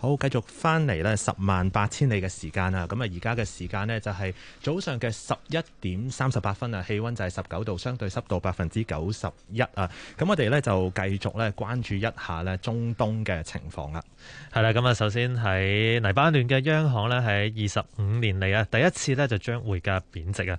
好，繼續翻嚟呢十萬八千里嘅時間啊！咁啊，而家嘅時間呢，就係早上嘅十一點三十八分啊，氣温就係十九度，相對濕度百分之九十一啊！咁我哋呢，就繼續咧關注一下呢中東嘅情況啦。係啦，咁啊，首先喺黎巴嫩嘅央行呢，喺二十五年嚟啊第一次呢就將匯價貶值啊！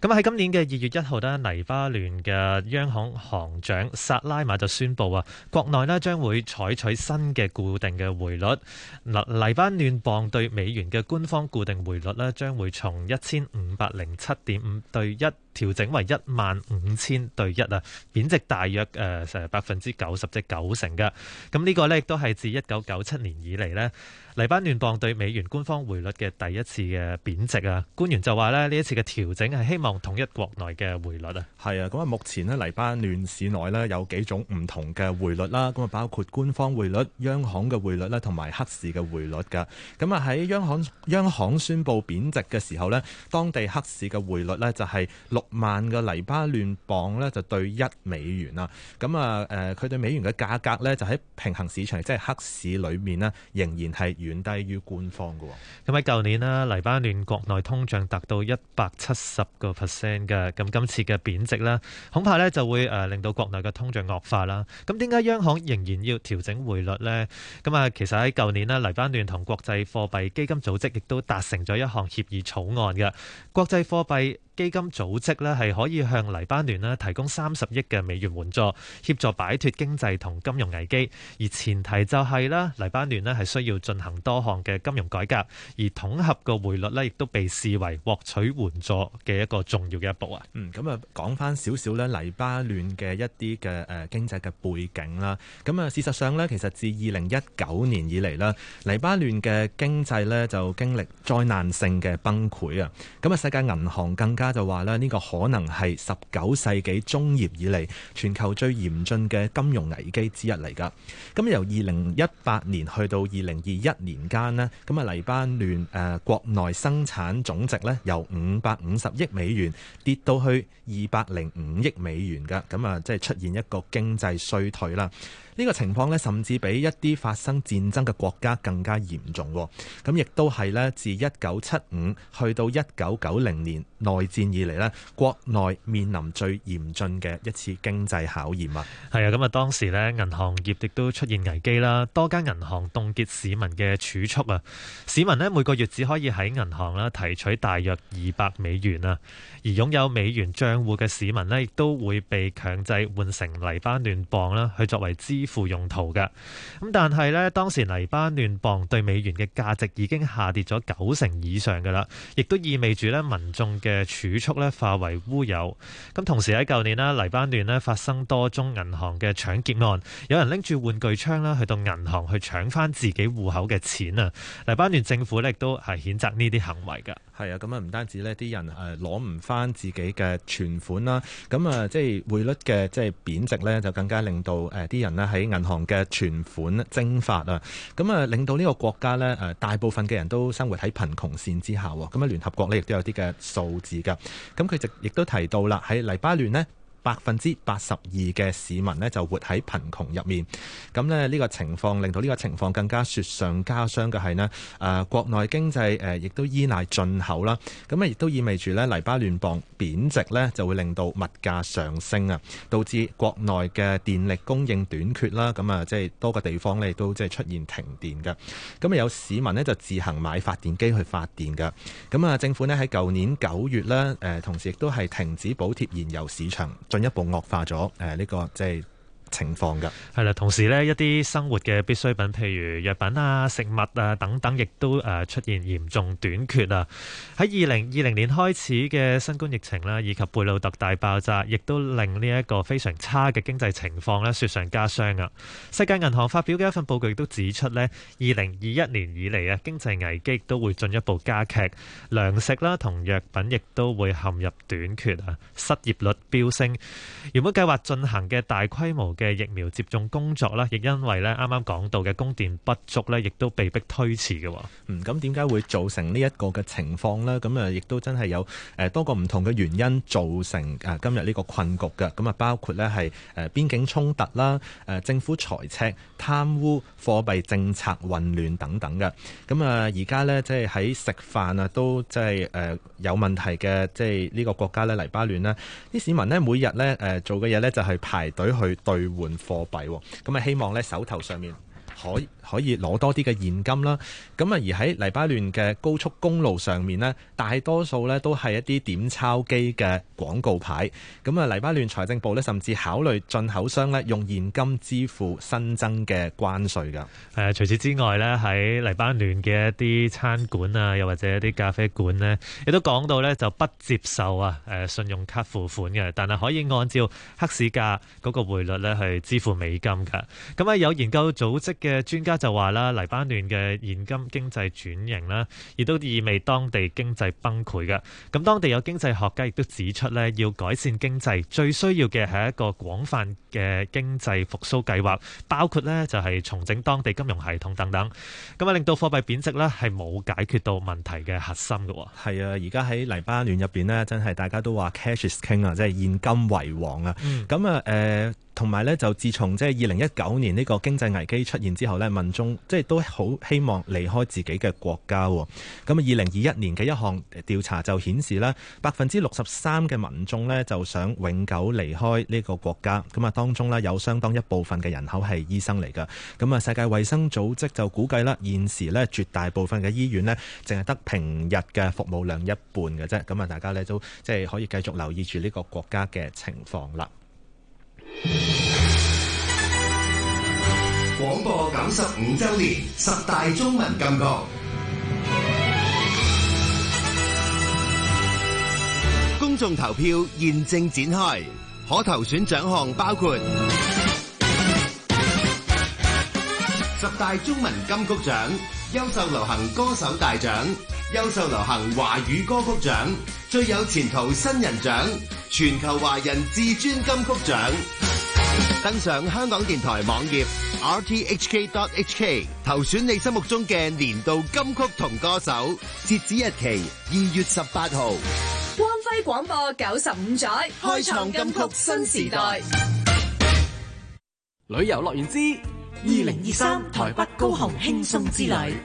咁喺今年嘅二月一號呢，黎巴嫩嘅央行行長薩拉馬就宣布啊，國內呢將會採取新嘅固定嘅匯率。嗱，黎巴嫩鎊對美元嘅官方固定匯率呢，將會從一千五百零七點五對一，調整為一萬五千對一啊，貶值大約誒誒百分之九十，至、呃、九成嘅。咁呢個呢，亦都係自一九九七年以嚟呢，黎巴嫩鎊對美元官方匯率嘅第一次嘅貶值啊。官員就話呢，呢一次嘅調整係希望統一國內嘅匯率啊。係啊，咁啊，目前呢，黎巴嫩市內呢，有幾種唔同嘅匯率啦，咁啊包括官方匯率、央行嘅匯率咧同埋黑市嘅匯率噶。咁啊喺央行央行宣布貶值嘅時候呢，當地黑市嘅匯率呢，就係六萬個黎巴嫩鎊咧就對一美元啦，咁啊誒，佢、呃、對美元嘅價格咧就喺平行市場，即係黑市裏面咧，仍然係遠低於官方嘅。咁喺舊年啦，黎巴嫩國內通脹達到一百七十個 percent 嘅，咁今次嘅貶值咧，恐怕咧就會誒令到國內嘅通脹惡化啦。咁點解央行仍然要調整匯率呢？咁啊，其實喺舊年咧，黎巴嫩同國際貨幣基金組織亦都達成咗一項協議草案嘅國際貨幣基金組織咧係可以向黎巴嫩咧提供三十億嘅美元援助，協助擺脱經濟同金融危機。而前提就係咧，黎巴嫩咧係需要進行多項嘅金融改革，而統合個匯率咧亦都被視為獲取援助嘅一個重要嘅一步啊。嗯，咁啊講返少少咧，黎巴嫩嘅一啲嘅誒經濟嘅背景啦。咁啊事實上咧，其實自二零一九年以嚟咧，黎巴嫩嘅經濟咧就經歷災難性嘅崩潰啊。咁啊世界銀行更加就話咧，呢個可能係十九世紀中葉以嚟全球最嚴峻嘅金融危機之一嚟噶。咁由二零一八年去到二零二一年間呢，咁啊黎巴嫩國內生產總值咧由五百五十億美元跌到去二百零五億美元噶，咁啊即係出現一個經濟衰退啦。呢個情況咧，甚至比一啲發生戰爭嘅國家更加嚴重。咁亦都係咧，自一九七五去到一九九零年內戰以嚟咧，國內面臨最嚴峻嘅一次經濟考驗啊！係啊，咁啊，當時咧，銀行業亦都出現危機啦，多間銀行凍結市民嘅儲蓄啊，市民咧每個月只可以喺銀行啦提取大約二百美元啊，而擁有美元帳戶嘅市民呢，亦都會被強制換成黎巴嫩磅啦，去作為資副用途嘅，咁但係咧，當時黎巴嫩鎊對美元嘅價值已經下跌咗九成以上嘅啦，亦都意味住咧民眾嘅儲蓄咧化為烏有。咁同時喺舊年啦，黎巴嫩咧發生多宗銀行嘅搶劫案，有人拎住玩具槍啦去到銀行去搶翻自己戶口嘅錢啊！黎巴嫩政府咧亦都係譴責呢啲行為嘅。係啊，咁啊唔單止呢啲人誒攞唔翻自己嘅存款啦，咁啊即係匯率嘅即係貶值咧，就更加令到啲人呢喺銀行嘅存款蒸發啊，咁啊令到呢個國家咧誒大部分嘅人都生活喺貧窮線之下喎，咁啊聯合國咧亦都有啲嘅數字㗎，咁佢亦都提到啦，喺黎巴嫩呢，百分之八十二嘅市民呢，就活喺貧窮入面，咁呢呢個情況令到呢個情況更加雪上加霜嘅係呢誒國內經濟亦都依賴進口啦，咁啊亦都意味住呢，黎巴嫩鎊貶值呢，就會令到物價上升啊，導致國內嘅電力供應短缺啦，咁啊即係多個地方呢，亦都即係出現停電嘅，咁啊有市民呢，就自行買發電機去發電嘅，咁啊政府呢，喺舊年九月呢，同時亦都係停止補貼燃油市場。進一步惡化咗誒呢個即係。情況噶係啦，同時呢，一啲生活嘅必需品，譬如藥品啊、食物啊等等，亦都誒出現嚴重短缺啊！喺二零二零年開始嘅新冠疫情啦，以及貝魯特大爆炸，亦都令呢一個非常差嘅經濟情況呢雪上加霜啊。世界銀行發表嘅一份報告亦都指出呢，二零二一年以嚟啊，經濟危機都會進一步加劇，糧食啦同藥品亦都會陷入短缺啊，失業率飆升，原本計劃進行嘅大規模嘅疫苗接種工作啦，亦因為咧啱啱講到嘅供電不足咧，亦都被逼推遲嘅。嗯，咁點解會造成呢一個嘅情況咧？咁啊，亦都真係有誒多個唔同嘅原因造成誒今日呢個困局嘅。咁啊，包括咧係誒邊境衝突啦、誒政府財赤、貪污、貨幣政策混亂等等嘅。咁啊，而家咧即係喺食飯啊都即係誒有問題嘅，即係呢個國家咧黎巴嫩啦，啲市民咧每日咧誒做嘅嘢咧就係排隊去對換貨幣喎，咁啊希望咧手頭上面。可可以攞多啲嘅現金啦，咁啊而喺黎巴嫩嘅高速公路上面咧，大多數咧都係一啲點鈔機嘅廣告牌，咁啊黎巴嫩財政部咧甚至考慮進口商咧用現金支付新增嘅關稅噶誒，除此之外咧，喺黎巴嫩嘅一啲餐館啊，又或者一啲咖啡館咧，亦都講到咧就不接受啊誒信用卡付款嘅，但係可以按照黑市價嗰個匯率咧去支付美金噶，咁啊有研究組織嘅。嘅專家就話啦，黎巴嫩嘅現金經濟轉型啦，亦都意味當地經濟崩潰㗎。咁當地有經濟學家亦都指出咧，要改善經濟最需要嘅係一個廣泛嘅經濟復甦計劃，包括咧就係重整當地金融系統等等。咁啊，令到貨幣貶值咧係冇解決到問題嘅核心喎。係啊，而家喺黎巴嫩入面咧，真係大家都話 cash is king 啊，即係現金為王啊。咁啊、嗯，誒。呃同埋咧，就自從即係二零一九年呢個經濟危機出現之後呢，民眾即係都好希望離開自己嘅國家喎。咁啊，二零二一年嘅一項調查就顯示呢，百分之六十三嘅民眾呢就想永久離開呢個國家。咁啊，當中呢有相當一部分嘅人口係醫生嚟㗎。咁啊，世界衛生組織就估計啦，現時呢絕大部分嘅醫院呢淨係得平日嘅服務量一半嘅啫。咁啊，大家呢都即係可以繼續留意住呢個國家嘅情況啦。廣播九十五周年十大中文金曲公眾投票，現正展開，可投選獎項包括十大中文金曲獎、優秀流行歌手大獎、優秀流行華語歌曲獎、最有前途新人獎、全球華人至尊金曲獎。登上香港電台網頁 rthk.hk，投選你心目中嘅年度金曲同歌手，截止日期二月十八號。光輝廣播九十五載，開創金曲新時代。旅遊樂園之二零二三台北高雄輕鬆之旅，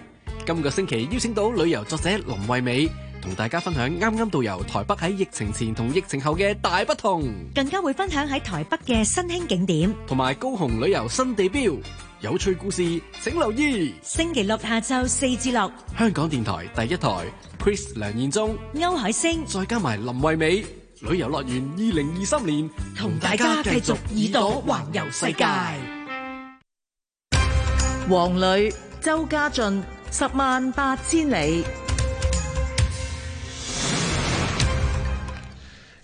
今個星期邀請到旅遊作者林慧美。同大家分享啱啱導遊台北喺疫情前同疫情後嘅大不同，更加會分享喺台北嘅新興景點，同埋高雄旅遊新地標。有趣故事請留意，星期六下晝四至六，香港電台第一台，Chris 梁健忠、歐海星，再加埋林慧美，旅遊樂園二零二三年，同大家繼續耳朵環遊世界。黃磊、周家俊，十萬八千里。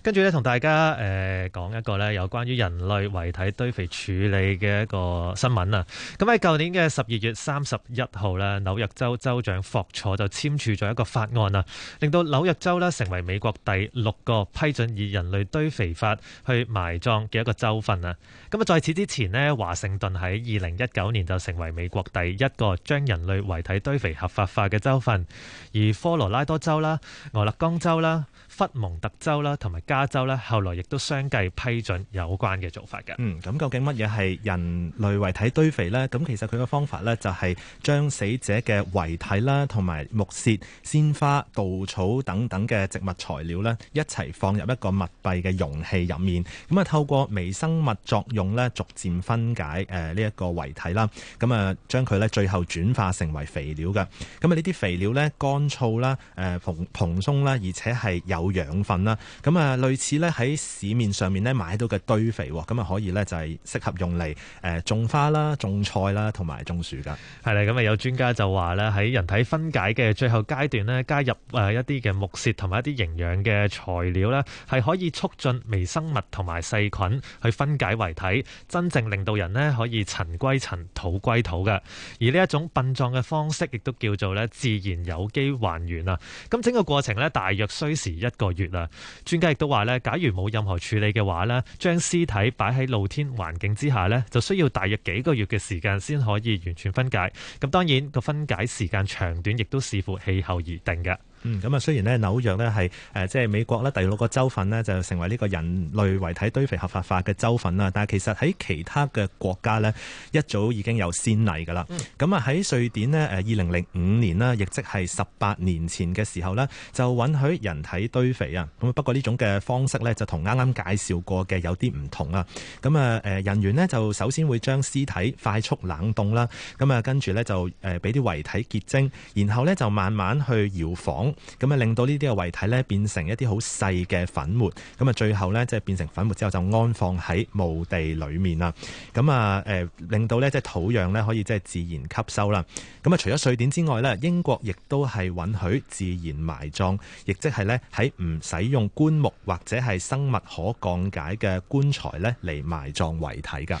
呢跟住咧，同大家誒、呃、講一個咧有關於人類遺體堆肥處理嘅一個新聞啊！咁喺舊年嘅十二月三十一號啦，紐約州州長霍楚就簽署咗一個法案啊，令到紐約州呢成為美國第六個批准以人類堆肥法去埋葬嘅一個州份啊！咁、嗯、啊，在此之前呢，華盛頓喺二零一九年就成為美國第一個將人類遺體堆肥合法化嘅州份，而科羅拉多州啦、俄勒岡州啦、弗蒙特州啦同埋。加州呢，後來亦都相繼批准有關嘅做法嘅。嗯，咁究竟乜嘢係人類遺體堆肥呢？咁其實佢嘅方法呢，就係將死者嘅遺體啦，同埋木屑、鮮花、稻草等等嘅植物材料呢，一齊放入一個密閉嘅容器入面。咁啊，透過微生物作用呢，逐漸分解誒呢一個遺體啦。咁啊，將佢呢最後轉化成為肥料嘅。咁啊，呢啲肥料呢，乾燥啦、誒蓬蓬鬆啦，而且係有養分啦。咁啊～類似咧喺市面上面咧買到嘅堆肥。咁啊可以咧就係適合用嚟誒種花啦、種菜啦同埋種樹噶。係啦，咁啊有專家就話咧，喺人體分解嘅最後階段咧，加入誒一啲嘅木屑同埋一啲營養嘅材料咧，係可以促進微生物同埋細菌去分解遺體，真正令到人咧可以塵歸塵、土歸土嘅。而呢一種殯葬嘅方式，亦都叫做咧自然有機還原啊。咁整個過程咧大約需時一個月啊。專家亦都話咧，假如冇任何處理嘅話咧，將屍體擺喺露天環境之下咧，就需要大約幾個月嘅時間先可以完全分解。咁當然個分解時間長短亦都視乎氣候而定嘅。嗯，咁啊，雖然咧紐約呢係、呃、即係美國咧第六個州份呢，就成為呢個人類遺體堆肥合法化嘅州份啦，但係其實喺其他嘅國家呢，一早已經有先例噶啦。咁啊喺瑞典呢，誒二零零五年啦，亦即係十八年前嘅時候呢，就允許人體堆肥啊。咁不過呢種嘅方式呢，就同啱啱介紹過嘅有啲唔同啊。咁啊人員呢就首先會將屍體快速冷凍啦，咁啊跟住呢，就誒俾啲遺體結晶，然後呢，就慢慢去搖晃。咁啊，令到呢啲嘅遺體咧變成一啲好細嘅粉末，咁啊，最後咧即係變成粉末之後就安放喺墓地裏面啦。咁啊，誒，令到咧即係土壤咧可以即係自然吸收啦。咁啊，除咗瑞典之外咧，英國亦都係允許自然埋葬，亦即係咧喺唔使用棺木或者係生物可降解嘅棺材咧嚟埋葬遺體噶。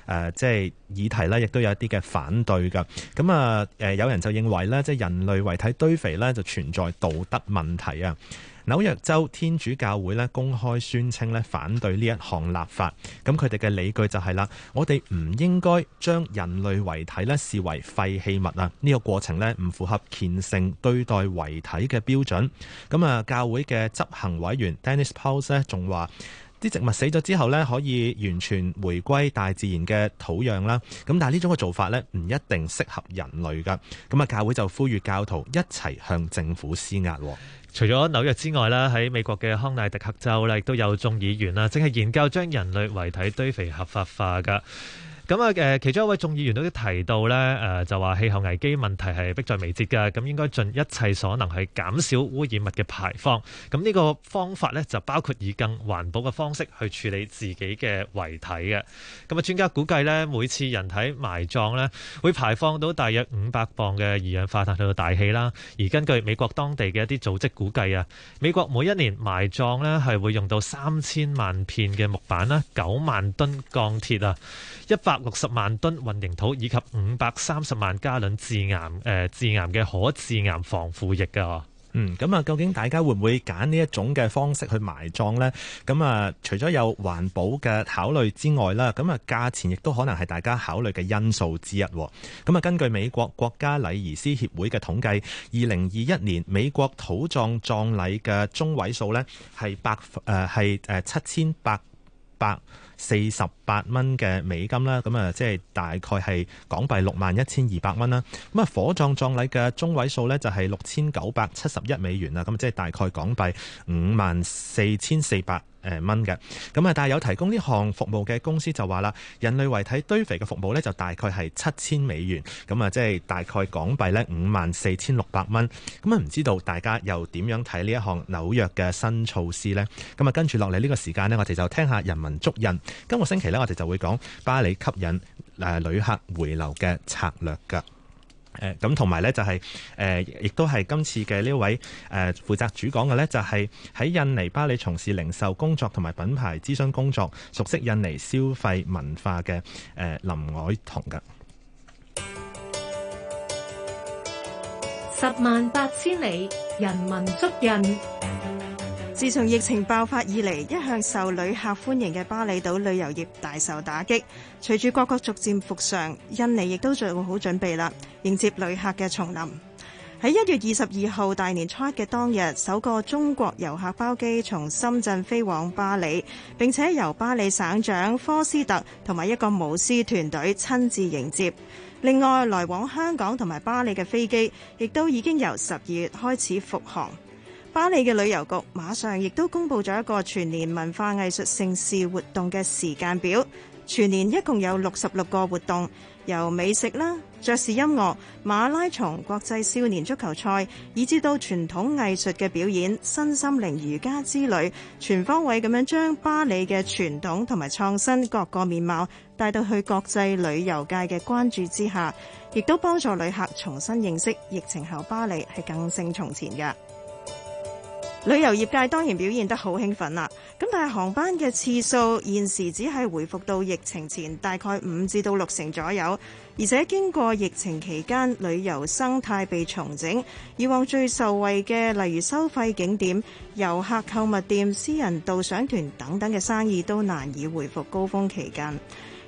誒，即係議題呢亦都有一啲嘅反對噶。咁啊，誒有人就認為呢即係人類遺體堆肥呢就存在道德問題啊。紐約州天主教會呢公開宣稱呢反對呢一項立法。咁佢哋嘅理據就係啦，我哋唔應該將人類遺體呢視為廢棄物啊。呢個過程呢唔符合虔誠對待遺體嘅標準。咁啊，教會嘅執行委員 Dennis Paul 呢仲話。啲植物死咗之後呢可以完全回歸大自然嘅土壤啦。咁但呢種嘅做法呢，唔一定適合人類㗎。咁啊，教會就呼籲教徒一齊向政府施壓。除咗紐約之外啦，喺美國嘅康乃狄克州呢，亦都有眾議員啦，正係研究將人類遺體堆肥合法化㗎。咁啊，誒其中一位眾議員都提到咧，誒就話氣候危機問題係迫在眉睫嘅，咁應該盡一切所能去減少污染物嘅排放。咁、這、呢個方法咧，就包括以更環保嘅方式去處理自己嘅遺體嘅。咁啊，專家估計咧，每次人體埋葬咧，會排放到大約五百磅嘅二氧化碳去到大氣啦。而根據美國當地嘅一啲組織估計啊，美國每一年埋葬咧係會用到三千萬片嘅木板啦，九萬噸鋼鐵啊，一百。六十萬噸混凝土，以及五百三十萬加侖致癌誒致、呃、癌嘅可致癌防腐液嘅、哦，嗯，咁啊，究竟大家會唔會揀呢一種嘅方式去埋葬呢？咁啊，除咗有環保嘅考慮之外啦，咁啊，價錢亦都可能係大家考慮嘅因素之一。咁啊，根據美國國家禮儀師協會嘅統計，二零二一年美國土葬葬禮嘅中位數呢係百誒係誒七千八百，呃四十八蚊嘅美金啦，咁啊即係大概係港幣六萬一千二百蚊啦，咁啊火葬葬禮嘅中位數咧就係六千九百七十一美元啦，咁啊即係大概港幣五萬四千四百。蚊嘅，咁啊，但係有提供呢項服務嘅公司就話啦，人類遺體堆肥嘅服務呢就大概係七千美元咁啊，即係大概港幣呢五萬四千六百蚊咁啊，唔知道大家又點樣睇呢一項紐約嘅新措施呢？咁啊，跟住落嚟呢個時間呢，我哋就聽下人文足印。今個星期呢，我哋就會講峇厘吸引誒旅客回流嘅策略㗎。誒咁同埋咧就係誒亦都係今次嘅呢位誒負責主講嘅咧就係喺印尼峇厘從事零售工作同埋品牌諮詢工作，熟悉印尼消費文化嘅誒林凱彤嘅林鎧潼。十萬八千里，人文足印。自從疫情爆發以嚟，一向受旅客歡迎嘅巴厘島旅遊業大受打擊。隨住各國逐漸復常，印尼亦都做好準備啦，迎接旅客嘅重臨。喺一月二十二號大年初一嘅當日，首個中國遊客包機從深圳飛往巴厘，並且由巴厘省長科斯特同埋一個舞獅團隊親自迎接。另外，來往香港同埋巴厘嘅飛機，亦都已經由十二月開始復航。巴黎嘅旅遊局馬上亦都公布咗一個全年文化藝術盛事活動嘅時間表。全年一共有六十六個活動，由美食啦、爵士音樂、馬拉松、國際少年足球賽，以至到傳統藝術嘅表演、身心靈瑜伽之旅，全方位咁樣將峇厘嘅傳統同埋創新各個面貌帶到去國際旅遊界嘅關注之下，亦都幫助旅客重新認識疫情後峇厘係更勝從前嘅。旅遊業界當然表現得好興奮啦，咁但係航班嘅次數現時只係回復到疫情前大概五至到六成左右，而且經過疫情期間旅遊生態被重整，以往最受惠嘅例如收費景點、遊客購物店、私人導賞團等等嘅生意都難以回復高峰期間。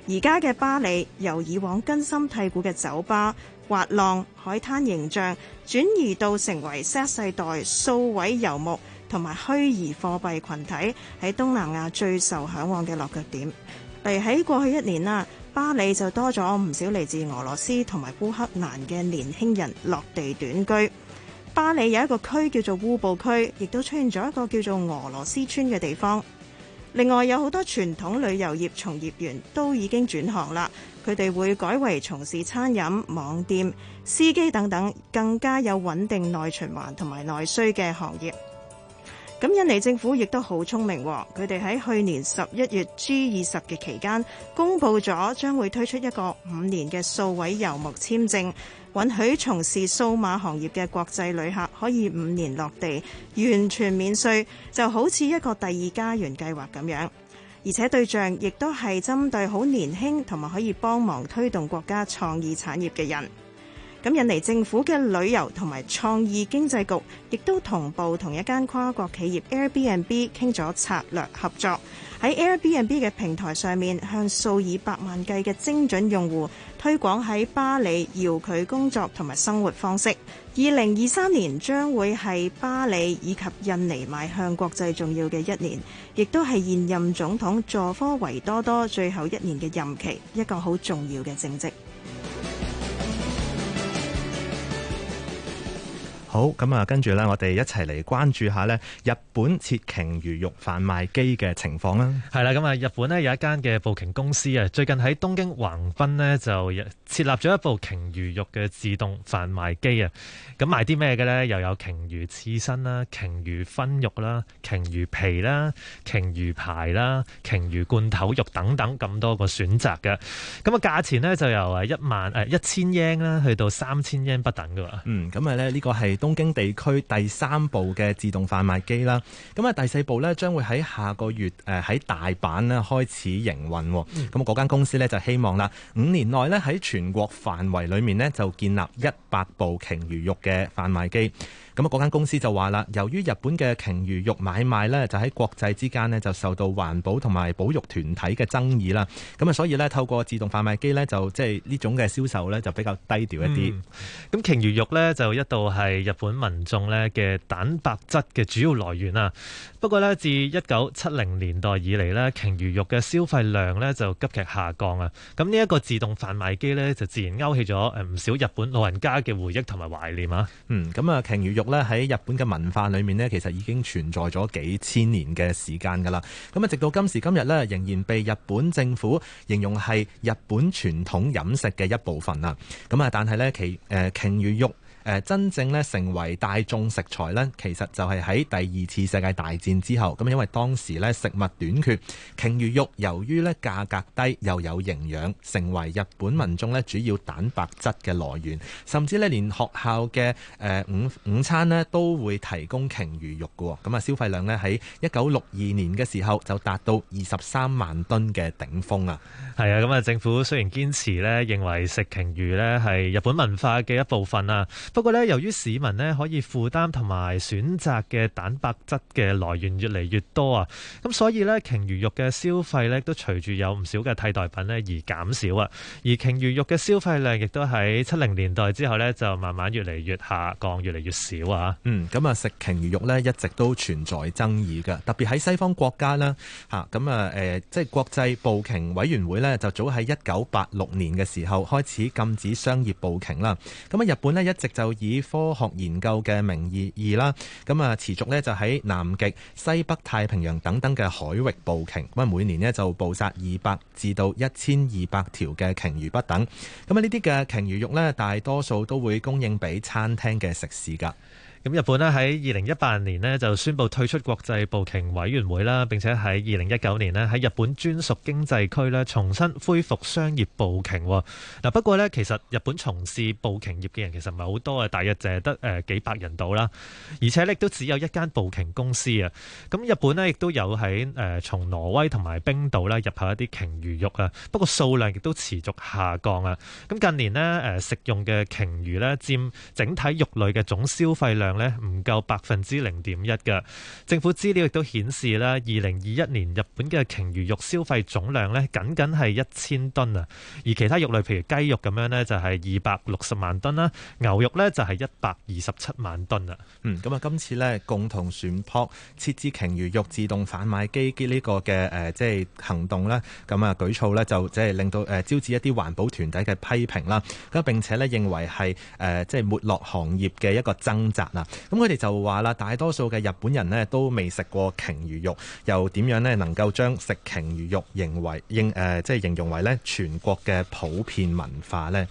而家嘅峇厘由以往根深蒂固嘅酒吧、滑浪、海灘形象轉移到成為 Z 世代數位遊牧同埋虛擬貨幣群體喺東南亞最受嚮往嘅落腳點。例如喺過去一年啦，峇厘就多咗唔少嚟自俄羅斯同埋烏克蘭嘅年輕人落地短居。峇厘有一個區叫做烏布區，亦都出現咗一個叫做俄羅斯村嘅地方。另外有好多傳統旅遊業從業員都已經轉行啦，佢哋會改為從事餐飲、網店、司機等等更加有穩定內循環同埋內需嘅行業。咁印尼政府亦都好聰明，佢哋喺去年十一月 G 二十嘅期間，公佈咗將會推出一個五年嘅數位遊牧簽證。允許從事數碼行業嘅國際旅客可以五年落地，完全免稅，就好似一個第二家園計劃咁樣。而且對象亦都係針對好年輕同埋可以幫忙推動國家創意產業嘅人。咁印尼政府嘅旅遊同埋創意經濟局，亦都同步同一間跨國企業 Airbnb 傾咗策略合作。喺 Airbnb 嘅平台上面，向數以百萬計嘅精準用戶推廣喺峇厘遙距工作同埋生活方式。二零二三年將會係峇厘以及印尼邁向國際重要嘅一年，亦都係現任總統佐科維多多最後一年嘅任期，一個好重要嘅政績。好，咁啊，跟住咧，我哋一齊嚟，關注下咧日本設鯨魚肉販賣機嘅情況啦。係啦，咁啊，日本咧有一間嘅捕鯨公司啊，最近喺東京橫濱咧就設立咗一部鯨魚肉嘅自動販賣機啊。咁賣啲咩嘅咧？又有鯨魚刺身啦、鯨魚燻肉啦、鯨魚皮啦、鯨魚排啦、鯨魚罐頭肉等等咁多個選擇嘅。咁啊，價錢咧就由誒一萬誒、哎、一千英啦，去到三千英不等嘅。嗯，咁啊咧呢個係東京地區第三部嘅自動販賣機啦，咁啊，第四部呢，將會喺下個月誒喺大阪呢開始營運。咁嗰間公司呢，就希望啦，五年內呢，喺全國範圍裡面呢，就建立一百部鯨魚肉嘅販賣機。咁啊，嗰間公司就話啦，由於日本嘅鯨魚肉買賣呢，就喺國際之間呢，就受到環保同埋保育團體嘅爭議啦。咁啊所以呢，透過自動販賣機呢，就即係呢種嘅銷售呢，就比較低調一啲。咁、嗯、鯨魚肉呢，就一度係日本民眾咧嘅蛋白質嘅主要來源啊，不過咧，自一九七零年代以嚟咧，鯨魚肉嘅消費量咧，就急劇下降啊。咁呢一個自動販賣機咧，就自然勾起咗誒唔少日本老人家嘅回憶同埋懷念啊、嗯。嗯，咁啊鯨魚肉咧喺日本嘅文化裏面呢，其實已經存在咗幾千年嘅時間㗎喇。咁啊直到今時今日咧，仍然被日本政府形容係日本傳統飲食嘅一部分啊。咁啊但係咧其誒鯨魚肉。誒真正咧成為大眾食材呢，其實就係喺第二次世界大戰之後。咁因為當時呢食物短缺，鯨魚肉由於呢價格低，又有營養，成為日本民眾呢主要蛋白質嘅來源。甚至呢連學校嘅誒午午餐呢都會提供鯨魚肉嘅。咁啊消費量呢喺一九六二年嘅時候就達到二十三萬噸嘅頂峰。啊！係啊，咁啊政府雖然堅持呢認為食鯨魚呢係日本文化嘅一部分啊。不過咧，由於市民呢可以負擔同埋選擇嘅蛋白質嘅來源越嚟越多啊，咁所以呢鯨魚肉嘅消費呢都隨住有唔少嘅替代品呢而減少啊，而鯨魚肉嘅消費量亦都喺七零年代之後呢就慢慢越嚟越下降，越嚟越少啊。嗯，咁啊食鯨魚肉呢一直都存在爭議㗎，特別喺西方國家啦，咁啊，啊、呃、即係國際捕鯨委員會呢就早喺一九八六年嘅時候開始禁止商業捕鯨啦。咁啊日本呢一直就就以科學研究嘅名義二啦，咁啊持續咧就喺南極、西北太平洋等等嘅海域捕鯨，咁啊每年咧就捕殺二百至到一千二百條嘅鯨魚不等，咁啊呢啲嘅鯨魚肉咧大多數都會供應俾餐廳嘅食肆噶。咁日本呢喺二零一八年呢就宣布退出國際捕鯨委員會啦，並且喺二零一九年呢喺日本專屬經濟區咧重新恢復商業捕鯨。嗱，不過呢其實日本從事捕鯨業嘅人其實唔係好多，大約淨係得誒幾百人到啦。而且亦都只有一間捕鯨公司啊。咁日本呢亦都有喺誒從挪威同埋冰島咧入口一啲鯨魚肉啊。不過數量亦都持續下降啊。咁近年呢誒食用嘅鯨魚呢佔整體肉類嘅總消費量，咧唔夠百分之零點一㗎。政府資料亦都顯示咧，二零二一年日本嘅鯨魚肉消費總量呢，僅僅係一千噸啊！而其他肉類，譬如雞肉咁樣呢，就係二百六十萬噸啦，牛肉呢，就係一百二十七萬噸啊！嗯，咁啊，今次呢，共同選撲設置鯨魚肉自動販賣機機呢個嘅誒，即係行動咧，咁啊舉措呢，就即係令到誒招致一啲環保團體嘅批評啦。咁並且呢，認為係誒即係沒落行業嘅一個掙扎啦！咁佢哋就話啦，大多數嘅日本人呢都未食過鯨魚肉，又點樣呢能夠將食鯨魚肉認為、呃、即係形容為呢全國嘅普遍文化呢？